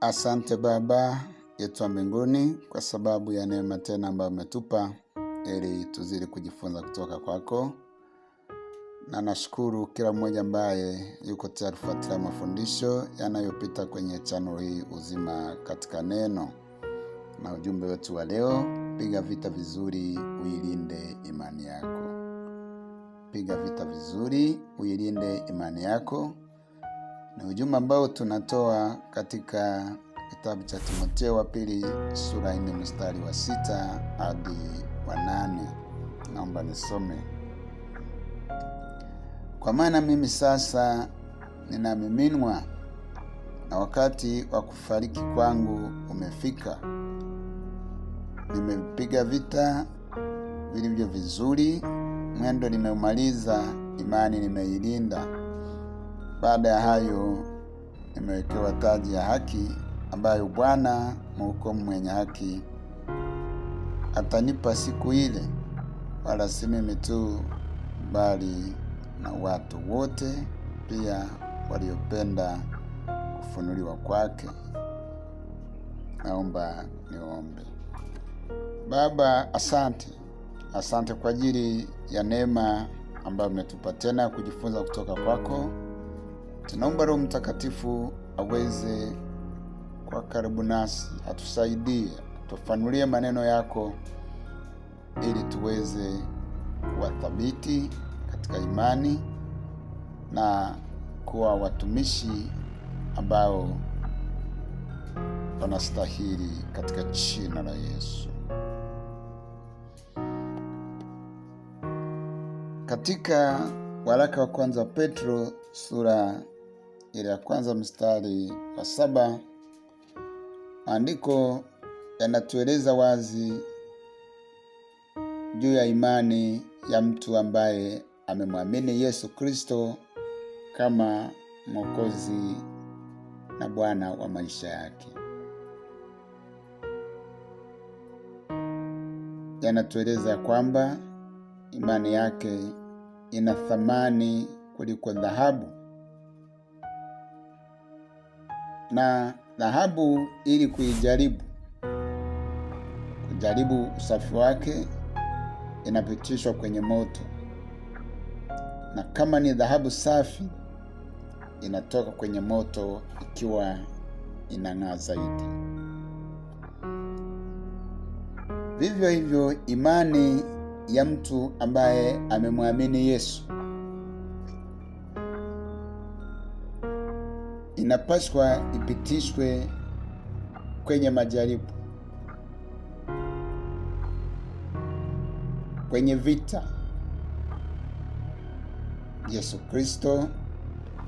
Asante Baba yetu wa mbinguni kwa sababu ya neema tena ambayo umetupa ili tuzidi kujifunza kutoka kwako, na nashukuru kila mmoja ambaye yuko tayari kufuatilia mafundisho yanayopita kwenye chano hii Uzima katika Neno na ujumbe wetu wa leo, piga vita vizuri uilinde imani yako. Piga vita vizuri uilinde imani yako. Ni ujumbe ambao tunatoa katika kitabu cha Timotheo wa pili sura ya mstari wa sita hadi wa nane. Naomba nisome. Kwa maana mimi sasa ninamiminwa na wakati wa kufariki kwangu umefika. Nimepiga vita vilivyo vizuri, mwendo nimeumaliza, imani nimeilinda. Baada ya hayo nimewekewa taji ya haki ambayo Bwana mhukumu mwenye haki atanipa siku ile, wala si mimi tu, bali na watu wote pia waliopenda kufunuliwa kwake. Naomba niombe. Baba, asante, asante kwa ajili ya neema ambayo umetupa tena kujifunza kutoka kwako. Tunaomba Roho Mtakatifu aweze kwa karibu nasi, atusaidie, tufanulie maneno yako ili tuweze kuwathabiti katika imani na kuwa watumishi ambao wanastahili katika jina la Yesu. Katika waraka wa kwanza Petro sura ile ya kwanza mstari wa saba. Maandiko yanatueleza wazi juu ya imani ya mtu ambaye amemwamini Yesu Kristo kama Mwokozi na Bwana wa maisha yake. Yanatueleza kwamba imani yake ina thamani kuliko dhahabu na dhahabu ili kuijaribu, kujaribu usafi wake, inapitishwa kwenye moto, na kama ni dhahabu safi inatoka kwenye moto ikiwa inang'aa zaidi. Vivyo hivyo imani ya mtu ambaye amemwamini Yesu inapaswa ipitishwe kwenye majaribu, kwenye vita. Yesu Kristo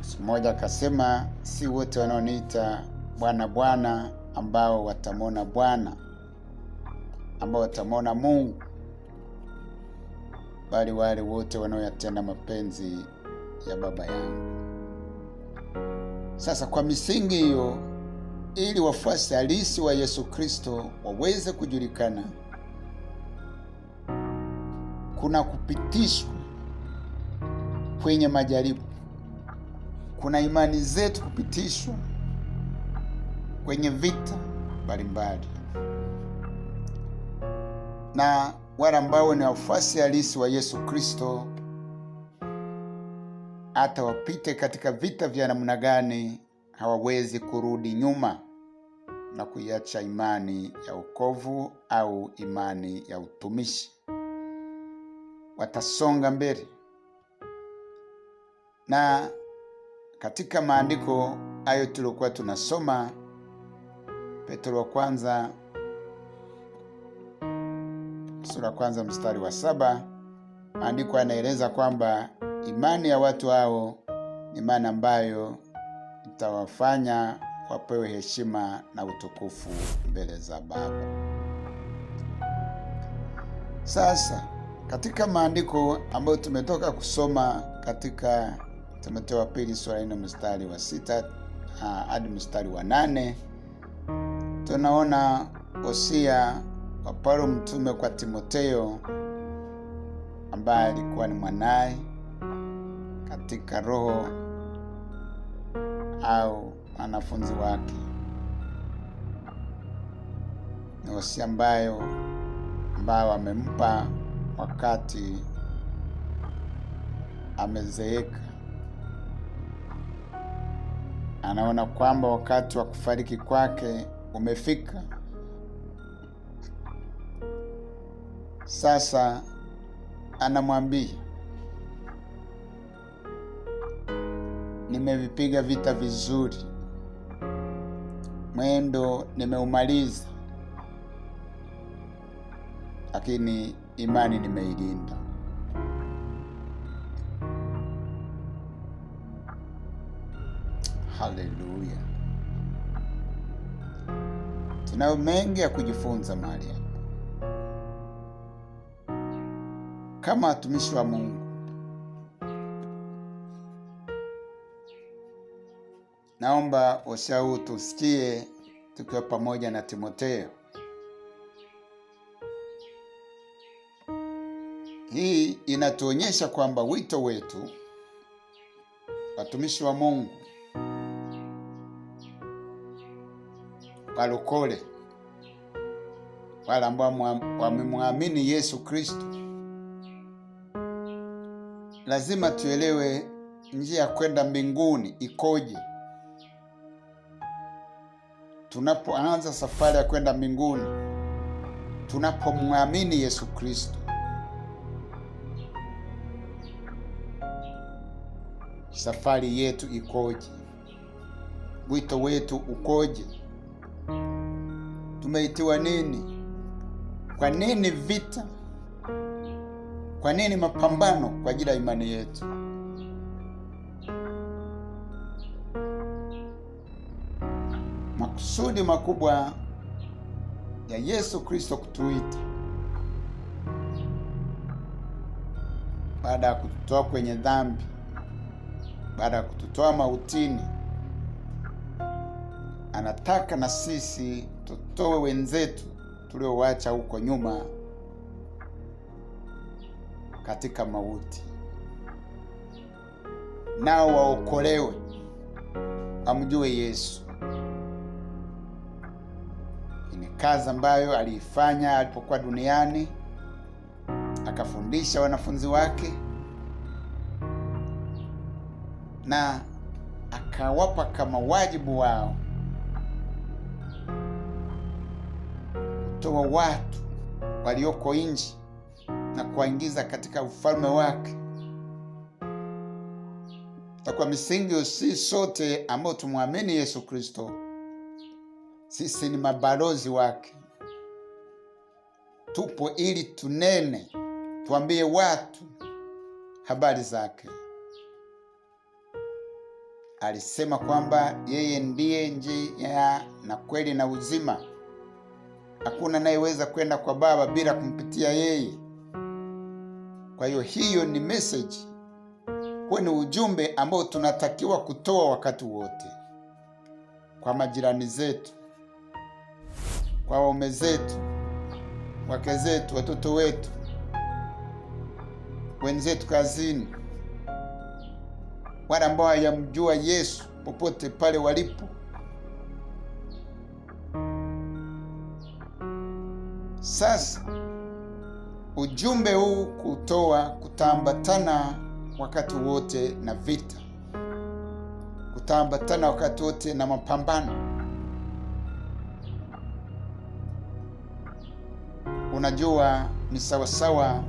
siku moja akasema, si wote wanaoniita Bwana Bwana ambao watamwona Bwana, ambao watamwona Mungu, bali wale wote wanaoyatenda mapenzi ya Baba yangu. Sasa kwa misingi hiyo, ili wafuasi halisi wa Yesu Kristo waweze kujulikana, kuna kupitishwa kwenye majaribu, kuna imani zetu kupitishwa kwenye vita mbalimbali, na wale ambao ni wafuasi halisi wa Yesu Kristo hata wapite katika vita vya namna gani, hawawezi kurudi nyuma na kuiacha imani ya wokovu au imani ya utumishi. Watasonga mbele. Na katika maandiko hayo tuliokuwa tunasoma, Petro wa kwanza sura ya kwanza mstari wa saba, maandiko yanaeleza kwamba Imani ya watu hao ni imani ambayo itawafanya wapewe heshima na utukufu mbele za Baba. Sasa katika maandiko ambayo tumetoka kusoma katika Timotheo wa pili sura ya mstari wa sita ah, hadi mstari wa nane tunaona Hosia wa Paulo mtume kwa Timotheo ambaye alikuwa ni mwanaye katika roho au wanafunzi wake. Ni wosia ambayo ambao amempa wakati amezeeka. Anaona kwamba wakati wa kufariki kwake umefika. Sasa anamwambia nimevipiga vita vizuri, mwendo nimeumaliza, lakini imani nimeilinda. Haleluya! Tunayo mengi ya kujifunza mahali hapa kama watumishi wa Mungu. Naomba wasia tusikie tukiwa pamoja na Timotheo. Hii inatuonyesha kwamba wito wetu watumishi wa Mungu walokole, wale ambao wamemwamini Yesu Kristo, lazima tuelewe njia ya kwenda mbinguni ikoje tunapoanza safari ya kwenda mbinguni, tunapomwamini Yesu Kristo. Safari yetu ikoje? Wito wetu ukoje? Tumeitiwa nini? Kwa nini vita? Kwa nini mapambano kwa ajili ya imani yetu? makusudi makubwa ya Yesu Kristo kutuita baada ya kututoa kwenye dhambi, baada ya kututoa mautini, anataka na sisi tutoe wenzetu tuliowacha huko nyuma katika mauti, nao waokolewe, amjue Yesu ni kazi ambayo aliifanya alipokuwa duniani, akafundisha wanafunzi wake na akawapa kama wajibu wao kutoa watu walioko nje na kuwaingiza katika ufalme wake. Na kwa misingi hiyo, sisi sote ambao tumwamini Yesu Kristo sisi ni mabalozi wake, tupo ili tunene, tuambie watu habari zake. Alisema kwamba yeye ndiye njia na kweli na uzima, hakuna anayeweza kwenda kwa Baba bila kumpitia yeye. Kwa hiyo hiyo ni message, huo ni ujumbe ambao tunatakiwa kutoa wakati wote kwa majirani zetu kwa waume zetu, wake zetu, watoto wetu, wenzetu kazini, wale ambao hayamjua Yesu popote pale walipo. Sasa ujumbe huu kutoa kutambatana wakati wote na vita, kutambatana wakati wote na mapambano. unajua ni sawasawa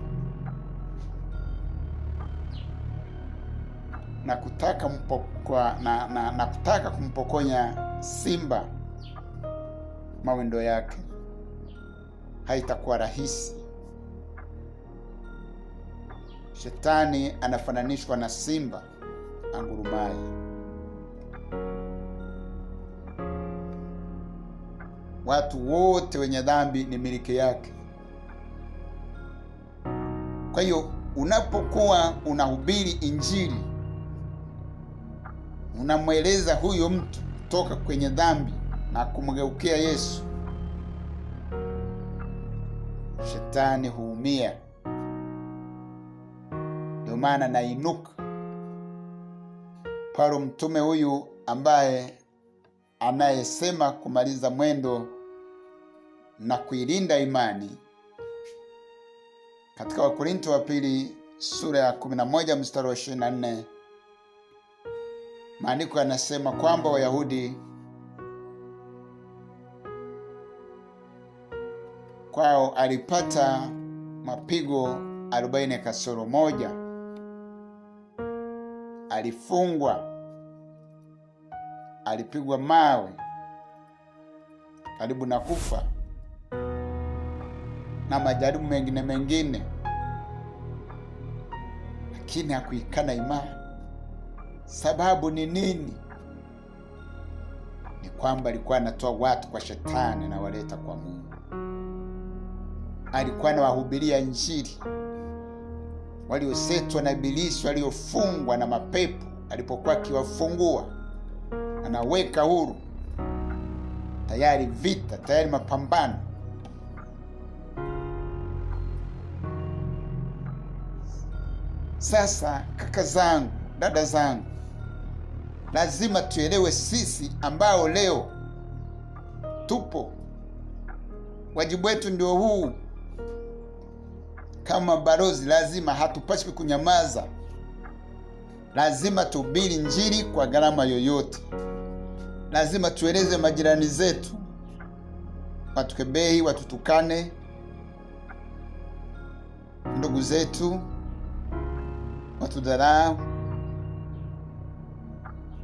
na kutaka mpokwa, na, na, na kutaka kumpokonya simba mawindo yake. Haitakuwa rahisi. Shetani anafananishwa na simba angurumaye. Watu wote wenye dhambi ni miliki yake. Kwa hiyo unapokuwa unahubiri Injili, unamweleza huyo mtu kutoka kwenye dhambi na kumgeukia Yesu, shetani huumia. Ndio maana nainuka Paulo mtume huyu ambaye anayesema kumaliza mwendo na kuilinda imani katika Wakorinto wa pili sura ya 11 mstari wa 24, maandiko yanasema kwamba Wayahudi kwao alipata mapigo 40 kasoro moja, alifungwa, alipigwa mawe karibu na kufa, na majaribu mengine mengine, lakini hakuikana imani. Sababu ni nini? Ni kwamba alikuwa anatoa watu kwa shetani na waleta kwa Mungu. Alikuwa anawahubiria Injili waliosetwa na Ibilisi, waliofungwa na mapepo. Alipokuwa akiwafungua, anaweka huru, tayari vita, tayari mapambano. Sasa kaka zangu, dada zangu, lazima tuelewe sisi ambao leo tupo, wajibu wetu ndio huu. Kama balozi, lazima hatupashwi kunyamaza, lazima tuhubiri Injili kwa gharama yoyote, lazima tueleze majirani zetu watukebehi, watutukane ndugu zetu watudharau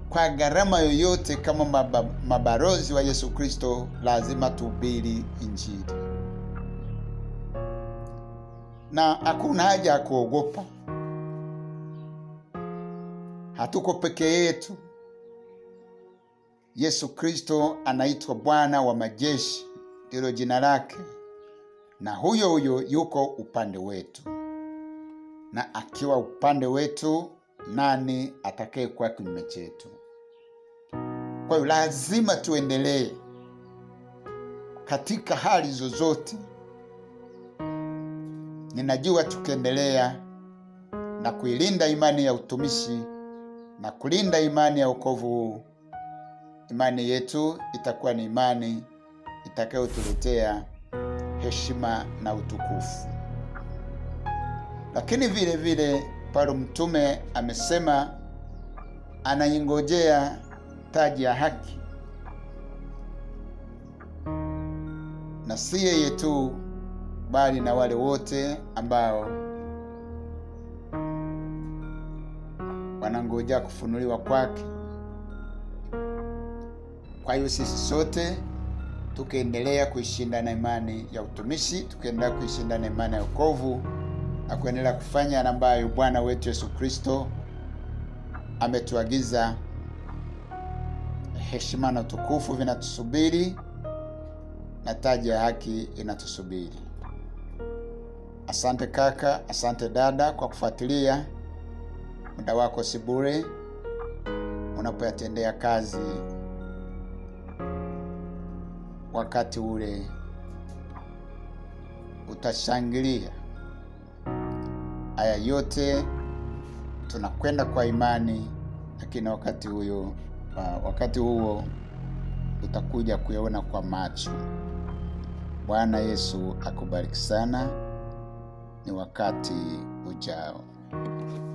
kwa gharama yoyote. Kama mabarozi mabalozi wa Yesu Kristo, lazima tuhubiri Injili, na hakuna haja ya kuogopa. Hatuko peke yetu. Yesu Kristo anaitwa Bwana wa majeshi, ndilo jina lake, na huyo huyo yuko upande wetu na akiwa upande wetu, nani atakayekuwa kinyume chetu? Kwa hiyo lazima tuendelee katika hali zozote. Ninajua tukiendelea na kuilinda imani ya utumishi na kulinda imani ya wokovu huu, imani yetu itakuwa ni imani itakayotuletea heshima na utukufu. Lakini vile vile Paulo mtume amesema anaingojea taji ya haki, na si yeye tu, bali na wale wote ambao wanangojea kufunuliwa kwake. Kwa hiyo sisi sote tukiendelea kuishinda na imani ya utumishi, tukiendelea kuishinda na imani ya wokovu na kuendelea kufanya yale ambayo Bwana wetu Yesu Kristo ametuagiza. Heshima na utukufu vinatusubiri na taji ya haki inatusubiri. Asante kaka, asante dada kwa kufuatilia. Muda wako si bure unapoyatendea kazi wakati ule utashangilia Haya yote tunakwenda kwa imani, lakini wakati huyo uh, wakati huo utakuja kuyaona kwa macho. Bwana Yesu akubariki sana. Ni wakati ujao.